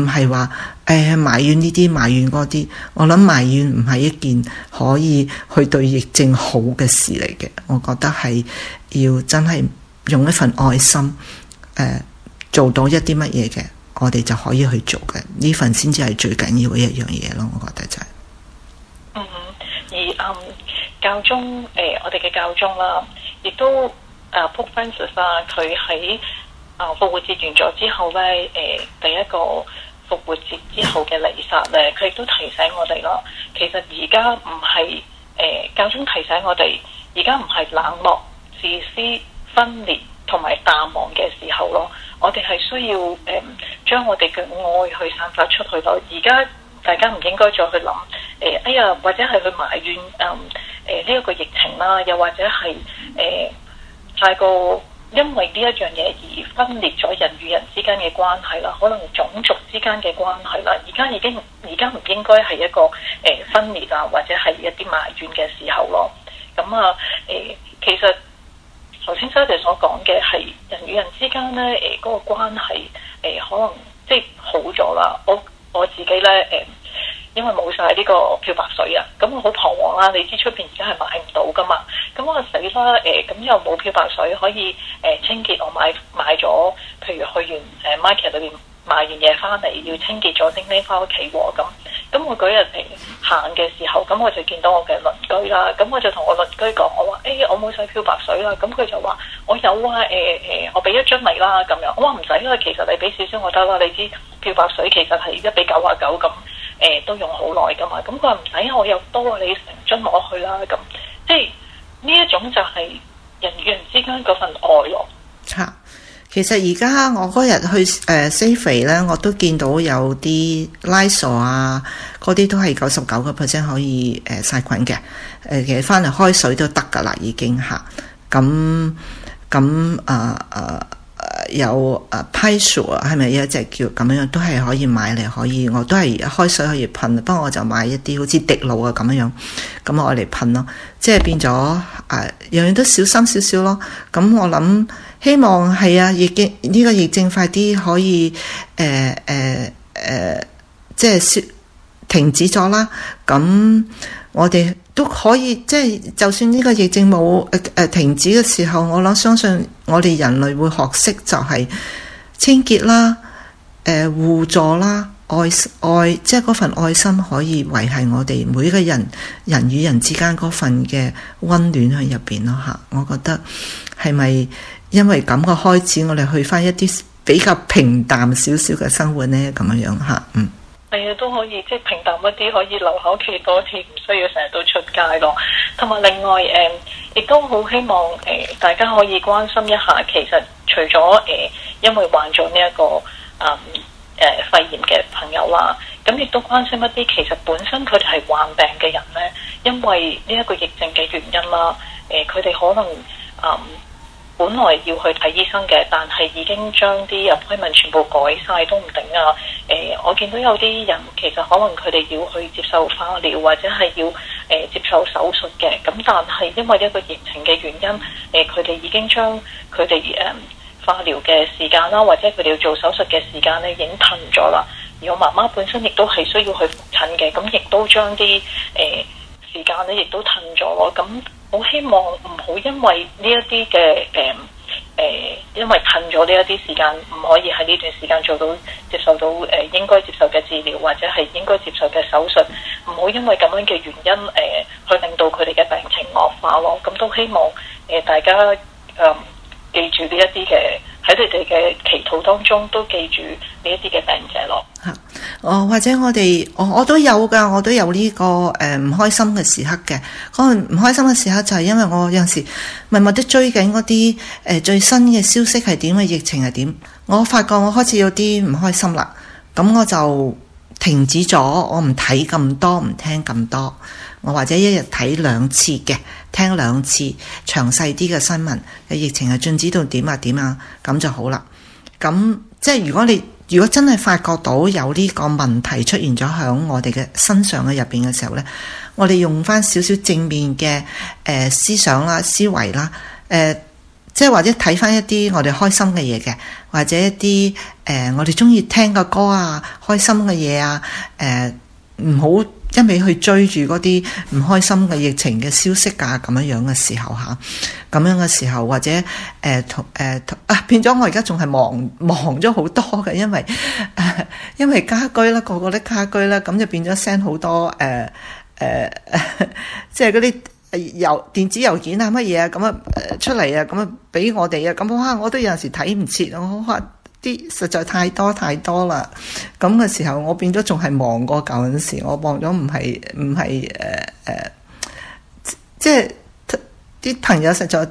係話誒埋怨呢啲埋怨嗰啲，我諗埋怨唔係一件可以去對疫症好嘅事嚟嘅，我覺得係要真係用一份愛心誒、呃、做到一啲乜嘢嘅。我哋就可以去做嘅呢份，先至係最緊要嘅一樣嘢咯。我覺得就係、是嗯，嗯，而教宗誒、呃，我哋嘅教宗啦，亦都啊，Pope Francis 啊，佢喺啊復活節完咗之後咧，誒、呃，第一個復活節之後嘅彌撒咧，佢、啊、亦都提醒我哋咯。其實而家唔係誒教宗提醒我哋，而家唔係冷漠、自私、分裂同埋淡忘嘅時候咯。我哋係需要誒，將、嗯、我哋嘅愛去散發出去咯。而家大家唔應該再去諗誒、呃，哎呀，或者係去埋怨誒呢一個疫情啦，又或者係誒、呃、太過因為呢一樣嘢而分裂咗人與人之間嘅關係啦，可能種族之間嘅關係啦。而家已經而家唔應該係一個誒、呃、分裂啊，或者係一啲埋怨嘅時候咯。咁啊誒、呃，其實。頭先沙姐所講嘅係人與人之間咧，誒、呃、嗰、這個關係、呃、可能即係好咗啦。我我自己咧誒、呃，因為冇晒呢個漂白水啊，咁我好彷徨啦。你知出邊而家係買唔到噶嘛，咁我死啦誒，咁、呃、又冇漂白水可以誒、呃、清潔。我買買咗，譬如去完誒 Mike 裏邊。買完嘢翻嚟要清潔咗，拎拎翻屋企喎，咁。咁我嗰日行嘅時候，咁我就見到我嘅鄰居啦。咁我就同我鄰居講，我話：，誒、欸，我冇使漂白水啦。咁佢就話：我有啊，誒、呃、誒、呃，我俾一樽嚟啦。咁樣我話唔使，因為其實你俾少少我得啦。你知漂白水其實係一比九啊九咁，誒、呃，都用好耐噶嘛。咁佢話唔使，我又多你成樽攞去啦。咁即係呢一種就係人與人之間嗰份愛咯。吓。啊其實而家我嗰日去誒、呃、西肥咧，我都見到有啲拉索啊，嗰啲都係九十九個 percent 可以誒殺、呃、菌嘅。誒、呃，其實翻嚟開水都得噶啦，已經吓。咁咁啊啊有啊派索啊，係咪、啊啊、有，有一隻叫咁樣都係可以買嚟可以，我都係開水可以噴，不過我就買一啲好似滴露啊咁樣，咁我嚟噴咯。即係變咗誒、啊，樣樣都小心少少咯。咁我諗。希望係啊！疫症呢個疫症快啲可以誒誒誒，即係消停止咗啦。咁我哋都可以即係，就算呢個疫症冇誒、呃、停止嘅時候，我諗相信我哋人類會學識就係清潔啦、誒、呃、互助啦、愛愛即係嗰份愛心可以維繫我哋每個人人與人之間嗰份嘅溫暖喺入邊咯嚇。我覺得係咪？因為咁嘅開始，我哋去翻一啲比較平淡少少嘅生活呢。咁樣樣嚇，嗯，係啊，都可以即係平淡一啲，可以留喺屋企多啲，唔需要成日都出街咯。同埋另外誒，亦、啊、都好希望誒，大家可以關心一下，其實除咗誒，因為患咗呢一個誒肺、嗯啊、炎嘅朋友啊，咁亦都關心一啲，其實本身佢哋係患病嘅人呢，因為呢一個疫症嘅原因啦，誒，佢哋可能誒。嗯本來要去睇醫生嘅，但係已經將啲 appointment 全部改晒都唔頂啊！誒、呃，我見到有啲人其實可能佢哋要去接受化療或者係要誒、呃、接受手術嘅，咁但係因為一個疫情嘅原因，誒佢哋已經將佢哋誒化療嘅時間啦，或者佢哋要做手術嘅時間咧，已經褪咗啦。而我媽媽本身亦都係需要去復診嘅，咁亦都將啲誒時間咧，亦都褪咗咯。咁。我希望唔好因為呢一啲嘅，誒誒，因為困咗呢一啲時間，唔可以喺呢段時間做到接受到誒、呃、應該接受嘅治療，或者係應該接受嘅手術，唔好因為咁樣嘅原因誒、呃，去令到佢哋嘅病情惡化咯。咁、呃、都希望誒、呃、大家誒、呃、記住呢一啲嘅，喺你哋嘅祈禱當中都記住呢一啲嘅病者咯。呃哦，或者我哋，我我都有㗎，我都有呢個誒唔開心嘅時刻嘅。可能唔開心嘅時刻就係因為我有陣時默默的追緊嗰啲誒最新嘅消息係點啊，疫情係點。我發覺我開始有啲唔開心啦，咁我就停止咗，我唔睇咁多，唔聽咁多。我或者一日睇兩次嘅，聽兩次詳細啲嘅新聞嘅疫情係進止到點啊點啊，咁就好啦。咁即係如果你。如果真係發覺到有呢個問題出現咗喺我哋嘅身上嘅入邊嘅時候咧，我哋用翻少少正面嘅誒思想啦、思維啦，誒、呃、即係或者睇翻一啲我哋開心嘅嘢嘅，或者一啲誒、呃、我哋中意聽嘅歌啊、開心嘅嘢啊，誒唔好，一味去追住嗰啲唔開心嘅疫情嘅消息啊，咁樣樣嘅時候嚇，咁樣嘅時候或者誒同誒啊，變咗我而家仲係忙忙咗好多嘅，因為、呃、因為家居啦，個個啲家居啦，咁就變咗 send 好多誒誒、呃呃，即係嗰啲郵電子郵件啊乜嘢啊咁啊出嚟啊，咁啊俾我哋啊，咁哇，我都有時睇唔切，我啲實在太多太多啦！咁嘅時，時候，我變咗仲係忙過舊陣時，我忙咗唔係唔係誒誒，即係啲朋友實在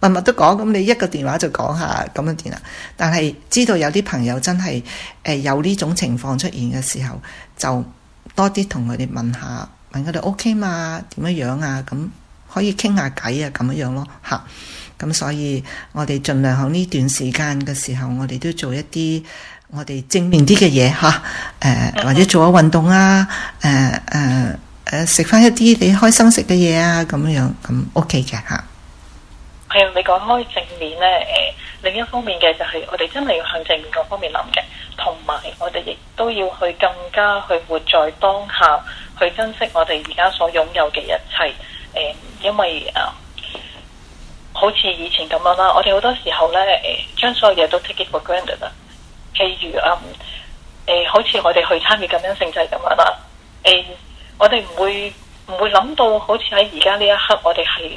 密密都講，咁你一個電話就講下咁樣掂啦。但係知道有啲朋友真係誒、呃、有呢種情況出現嘅時候，就多啲同佢哋問下，問佢哋 O K 嘛？點樣樣啊？咁可以傾下偈啊？咁樣樣咯，嚇！咁所以，我哋盡量喺呢段時間嘅時候，我哋都做一啲我哋正面啲嘅嘢嚇，誒或者做下運動啊，誒誒誒食翻一啲你開心食嘅嘢啊咁樣，咁 OK 嘅嚇。係啊，你講開正面咧，誒另一方面嘅就係我哋真係要向正面各方面諗嘅，同埋我哋亦都要去更加去活在當下，去珍惜我哋而家所擁有嘅一切。誒，因為啊。好似以前咁樣啦，我哋好多時候呢，將所有嘢都 take it for granted 啦。譬如啊，誒、呃，好似我哋去參與咁樣聖祭咁樣啦，誒、呃，我哋唔會唔會諗到，好似喺而家呢一刻，我哋係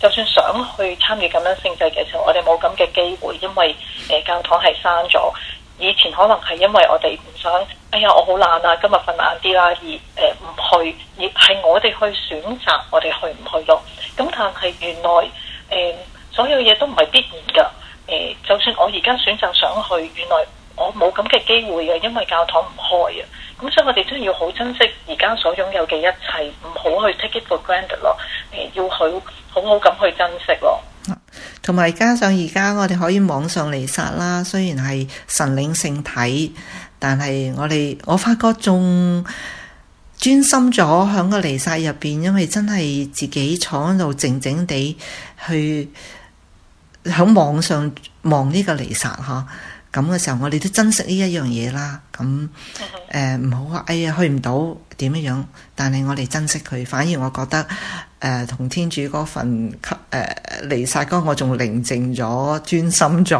就算想去參與咁樣聖祭嘅時候，我哋冇咁嘅機會，因為誒教堂係閂咗。以前可能係因為我哋唔想，哎呀，我好懶啊，今日瞓晏啲啦，而誒唔、呃、去，而係我哋去選擇我哋去唔去咯。咁但係原來。誒，所有嘢都唔係必然㗎。誒，就算我而家選擇想去，原來我冇咁嘅機會嘅，因為教堂唔開啊。咁所以，我哋真係要好珍惜而家所擁有嘅一切，唔好去 take it for granted 咯。誒，要好好好咁去珍惜咯。同埋加上而家我哋可以網上彌撒啦，雖然係神領聖體，但係我哋我發覺仲專心咗喺個彌撒入邊，因為真係自己坐喺度靜靜地。去喺網上望呢個彌撒嗬，咁、啊、嘅時候我哋都珍惜呢一樣嘢啦。咁誒唔好話，哎呀去唔到點樣樣，但係我哋珍惜佢。反而我覺得誒，同、呃、天主嗰份吸誒彌撒嗰個，呃、我仲寧靜咗、專心咗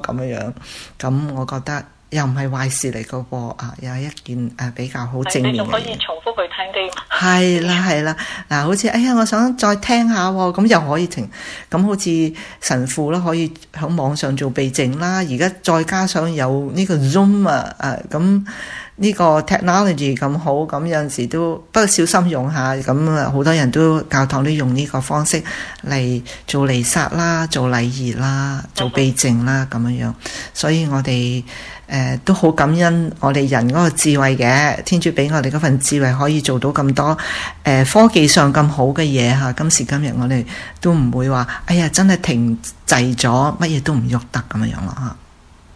咁樣樣。咁我覺得。又唔係壞事嚟個噃，啊又係一件誒、啊、比較好正面嘅嘢。你仲可以重複佢聽啲。係啦係啦，嗱、啊、好似，哎呀，我想再聽下喎，咁、啊、又可以停。咁、啊、好似神父啦、啊，可以喺網上做備證啦。而、啊、家再加上有呢個 Zoom 啊誒咁。啊啊啊呢個 technology 咁好，咁有陣時都不小心用下，咁啊好多人都教堂都用呢個方式嚟做彌撒啦、做禮儀啦、做避靜啦咁樣樣。所以我哋誒、呃、都好感恩我哋人嗰個智慧嘅，天主俾我哋嗰份智慧可以做到咁多誒、呃、科技上咁好嘅嘢嚇。今時今日我哋都唔會話，哎呀真係停滯咗，乜嘢都唔喐得咁樣樣啦嚇。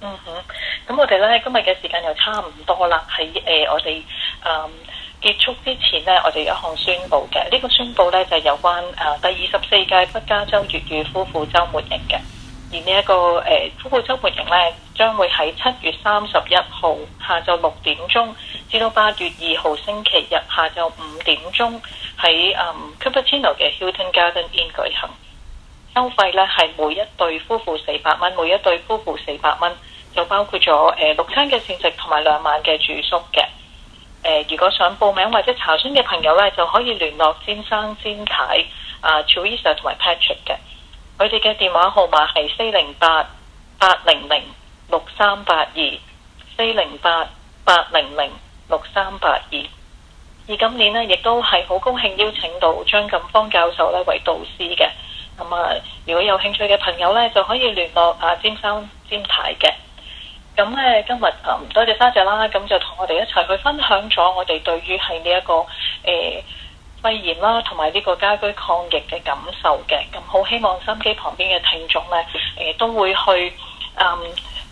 嗯哼。嗯。咁我哋咧今日嘅時間又差唔多啦，喺誒、呃、我哋誒、嗯、結束之前呢，我哋有一項宣佈嘅，呢、這個宣佈呢，就係有關誒、呃、第二十四屆北加州粵語夫婦周末營嘅。而呢、這、一個誒、呃、夫婦周末營呢，將會喺七月三十一號下晝六點鐘，至到八月二號星期日下晝五點鐘喺 Cupertino 嘅 Hilton Garden Inn 舉行。收費呢，係每一對夫婦四百蚊，每一對夫婦四百蚊。就包括咗誒、呃、六餐嘅膳食同埋兩晚嘅住宿嘅。誒、呃，如果想報名或者查詢嘅朋友咧，就可以聯絡詹生詹太，太啊，Teresa 同埋 Patrick 嘅。佢哋嘅電話號碼係四零八八零零六三八二，四零八八零零六三八二。而今年呢，亦都係好高興邀請到張錦芳教授咧為導師嘅。咁啊，如果有興趣嘅朋友咧，就可以聯絡啊詹生詹太嘅。咁咧今日啊，唔、嗯、多謝沙姐啦，咁、嗯、就同我哋一齊去分享咗我哋對於係呢一個誒肺炎啦，同埋呢個家居抗疫嘅感受嘅。咁、嗯、好希望心機旁邊嘅聽眾咧，誒、呃、都會去嗯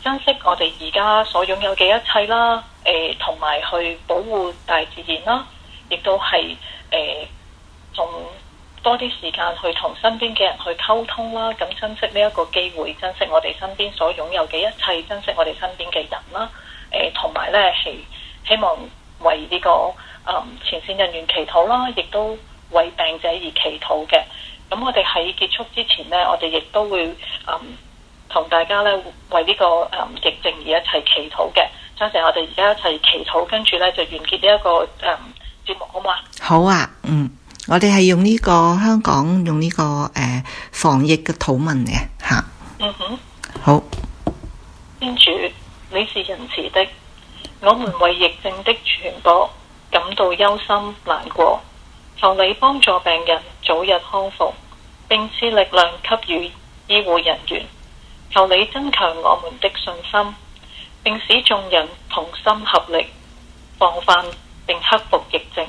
珍惜我哋而家所擁有嘅一切啦，誒同埋去保護大自然啦，亦都係誒仲呃多啲時間去同身邊嘅人去溝通啦，咁珍惜呢一個機會，珍惜我哋身邊所擁有嘅一切，珍惜我哋身邊嘅人啦。誒、呃，同埋咧係希望為呢、這個誒、嗯、前線人員祈禱啦，亦都為病者而祈禱嘅。咁我哋喺結束之前呢，我哋亦都會誒、嗯、同大家咧為呢、這個誒疫症而一齊祈禱嘅。張成，我哋而家一齊祈禱，跟住咧就完結呢、這、一個誒、嗯、節目，好嗎？好啊，嗯。我哋係用呢個香港用呢個誒防疫嘅禱文嘅吓，嗯哼，好。天主，你是仁慈的，我們為疫症的傳播感到憂心難過，求你幫助病人早日康復，並賜力量給予醫護人員，求你增強我們的信心，並使眾人同心合力防範並克服疫症。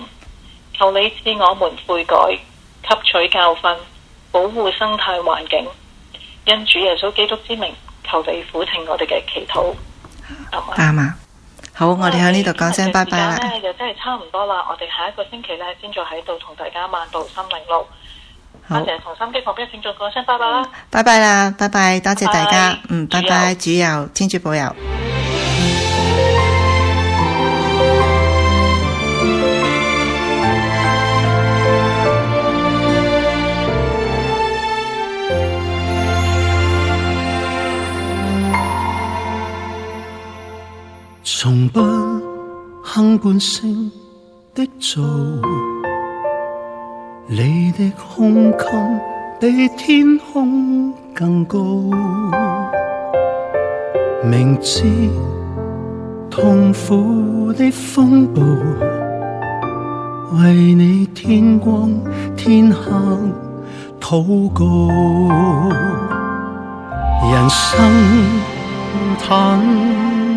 求你賜，我們悔改，吸取教訓，保護生態環境。因主耶穌基督之名，求你俯聽我哋嘅祈禱。阿們、嗯，嗯、好，我哋喺呢度講聲拜拜啦。時間真係差唔多啦，我哋下一個星期咧先再喺度同大家漫步心靈路。好多謝同心機旁邊請再講聲拜拜啦。拜拜啦，拜拜，多謝大家，嗯，拜拜，主佑天主保佑。嗯從不哼半聲的做，你的胸襟比天空更高。明知痛苦的風暴，為你天光天黑禱告。人生路坦。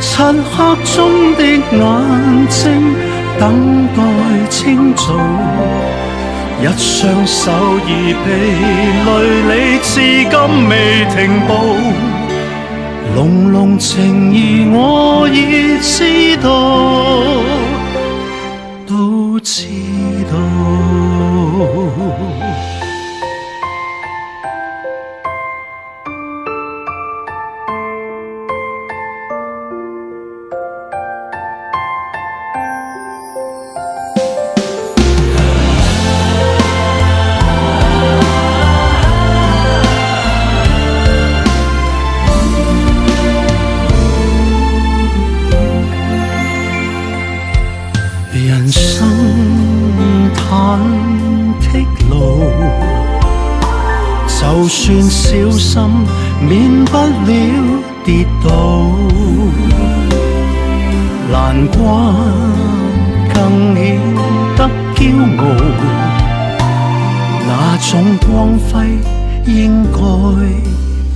漆黑中的眼睛等待清早，一雙手已疲累，你至今未停步，濃濃情意我已知道。那種光輝應該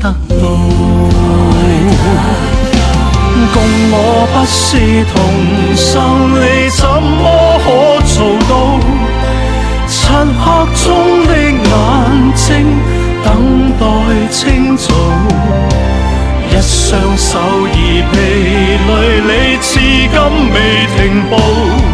得到？得共我不是同生，你怎麼可做到？漆黑中的眼睛等待清早，一雙手已疲累，你至今未停步。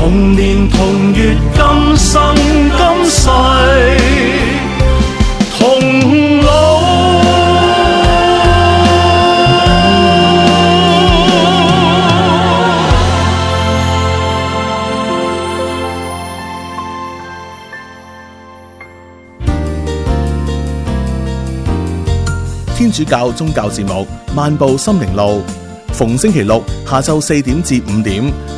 同年同月，今生今世同老。天主教宗教節目，漫步心靈路，逢星期六下晝四點至五點。